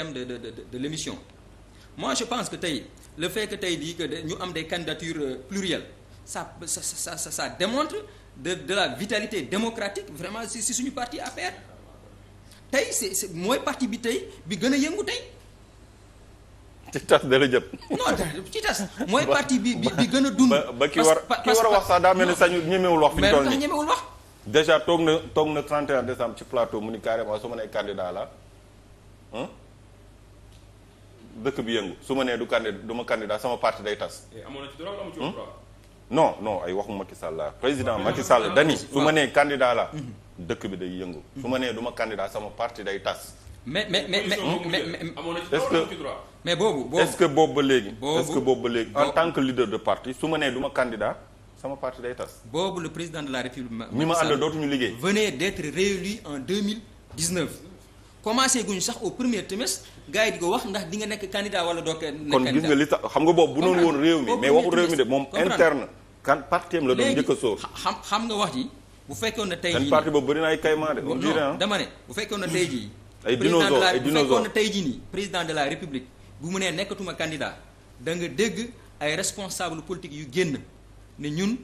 thème de de de de l'émission moi je pense que tey le fait que tey jii que ñu am de candidatures euh, plurielles ça ça ça ça, démontre de de la vitalité démocratique vraiment si si suñu parti APR tey c'est c'est mooy parti bi tey bi gën a yëngu tey. ci tas dara jëm. non ci tas mooy parti bi bi gën a dund. ba ki war ki war a wax sax daa mel ni sax ñemewul wax. fi ñu toll nii mais ñemewul wax. déjà toog na toog na 31 décembre ci plateau mu ni carrément su ma nee candidat la. dëkk bi yëngu su ma nee du candidat du ma candidat sama parti day tas. Eh, amoon na ci hmm? non non ay waxu Macky Sall la président Macky Sall dani su ma nee candidat la hmm. dëkk bi day yëngu. su ma nee duma ma sama parti day tas. mais mais mais mais mais boobu boobu est-ce que boobu ba léegi. est-ce boobu ba léegi en tant que leader de parti su ma nee ma candidat sama parti day tas. boobu le président de la république. Macky Sall ñi ma dootuñu liggéey. venait d'être réélu en 2019. commencé guñ sax au premier trimestre gars yi ko wax ndax dinga nekk candidat wala doo nekk kon gis nga li xam nga boobu bu noonu woon réew mi mais waxul réew mi de moom interne kan xam xam nga wax ji bu fekkoon ne tey jii boobu bëri na ay kaymaa de dama ne bu fekkoon ne tey jii tey jii nii président de la république bu mu nee nekkatuma candidat da nga dégg ay responsable politique yu génn ne ñun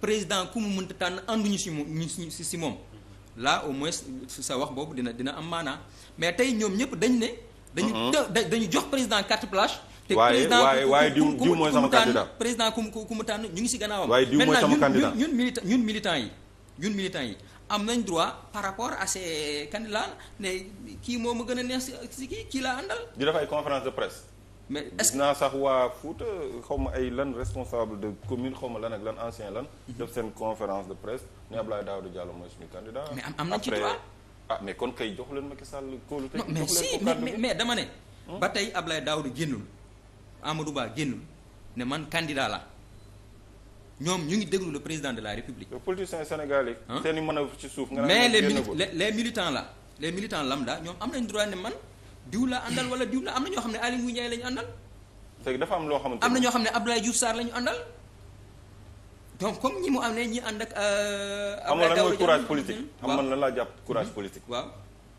président ku mu mënta tànn ànduñu si moom si si moom là au moins sa wax boobu dina dina am maanaa mais tey ñoom ñëpp dañ ne. dañu uh-huh. dañu jox président carte blanche. te président waaye waaye diw diw mooy sama candidat président ku mu ku tànn ñu ngi si gannaawam. waaye diw mooy sama candidat ñun milita yi ñun am nañ droit par rapport à ces candidats ne kii moo ma gën a neex si kii kii laa àndal. di def ay conférence de presse. mais est naa sax waa Fouta xaw ma ay lan responsable de commune xaw ma lan ak lan ancien lan. Mhm. def seen conférence de presse ne Abdoulaye Daouda Diallo mooy suñu candidat. mais am am nañ ci droit ah mais kon kay jox leen Macky Sall kóolute. jox leen mais si mais mais dama ne. Hmm? ba tey Abdoulaye Daouda génnul Amadou génnul ne man candidat la ñoom ñu ngi déglu le président de la République. les politiciens sénégalais. seen i manœuvre ci suuf. nga mais les les am nañ droit ne man. diw la àndal wala diw am na ñoo xam ne Aly Ngouille Ndiaye la ñu àndal. léegi dafa am loo xamante am na ñoo xam ne Abdoulaye Diouf Sarr la ñu àndal donc comme ñi mu am ne ñi ànd ak. Euh, Abdoulaye Daouda Diallo xam nga lan courage politique. Hmm? waaw xam nga laa jàpp courage hmm? politique. waaw.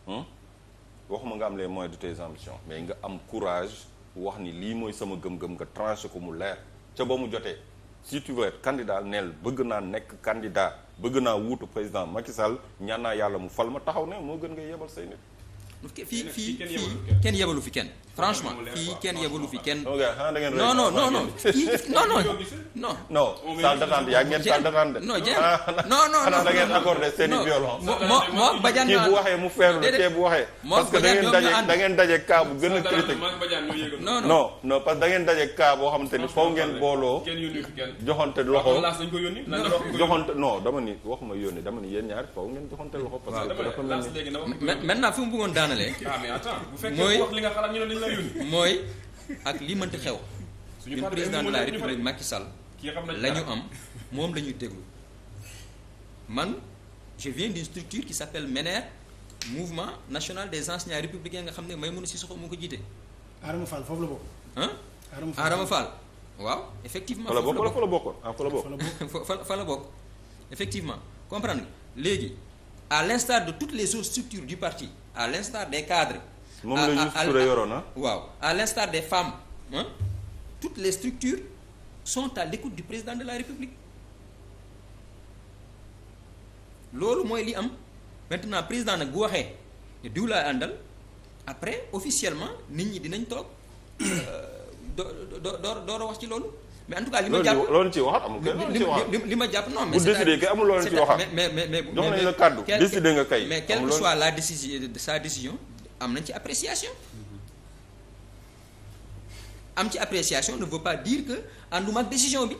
Hmm? ma nga am les moyens de tes ambitions mais nga am courage wax ni lii mooy sama gëm-gëm nga tranché ko mu leer ca ba mu jotee si tu veux être neel bëgg naa nekk candidat bëgg naa wuutu président Macky Sall ñaan naa yàlla mu fal ma taxaw ne moo gën ngay yebal say nit. fii fii fii kenn yebalu fi kenn franchement fii kenn yebalu fi kenn. non non non non fii non non non. non oh, salle d'attente yaa ngeen salle d'attente. non jéem ah, non non non da ngeen accordé seen i violon. moo moo Badiane kii bu waxee mu feerlu kii bu waxee. parce que da ngeen daje da ngeen daje cas bu gën a critique. non non non parce que da ngeen daje cas boo xamante ni faw ngeen booloo. joxante loxo. joxante non dama ni wax ma yónni dama ni yéen ñaar faw ngeen joxante loxo. parce que dafa mel ni maintenant fi mu bëggoon daal daanalee. Ah, bu fekkee wax li nga xalaat ñu ne dañu la yónni. mooy ak li mënti xew. suñu président de la république Macky Sall. la ñu am moom la ñuy déglu. man je viens d'une structure qui s'appelle MENER mouvement national des enseignants républicains nga xam ne may mën a si soxo mu ko jiite. Adama Fall foofu la bokk. ah Adama Fall waaw effectivement. foofu la bokk ah, fa la bokk fa la bokk. effectivement comprendre léegi. à l'instar de toutes les autres structures du parti à l'instar des cadres moom la Youssou Touré na waaw à l'instar des femmes hein, toutes les structures sont à l'écoute du président de la République loolu mooy li am maintenant président nag bu waxee ne diw àndal après officiellement nit ñi dinañ toog euh, door door door a wax ci loolu mais en tout cas li ma jàpp loolu ci waxat amul li ma jàpp non mais bu décidé kay amul loolu ci waxat mais mais mais jox nañ la kàddu décidé nga kay mais quelle que soit la décision sa décision am nañ ci appréciation am ci appréciation ne veut pas dire que ànduma ak décision bi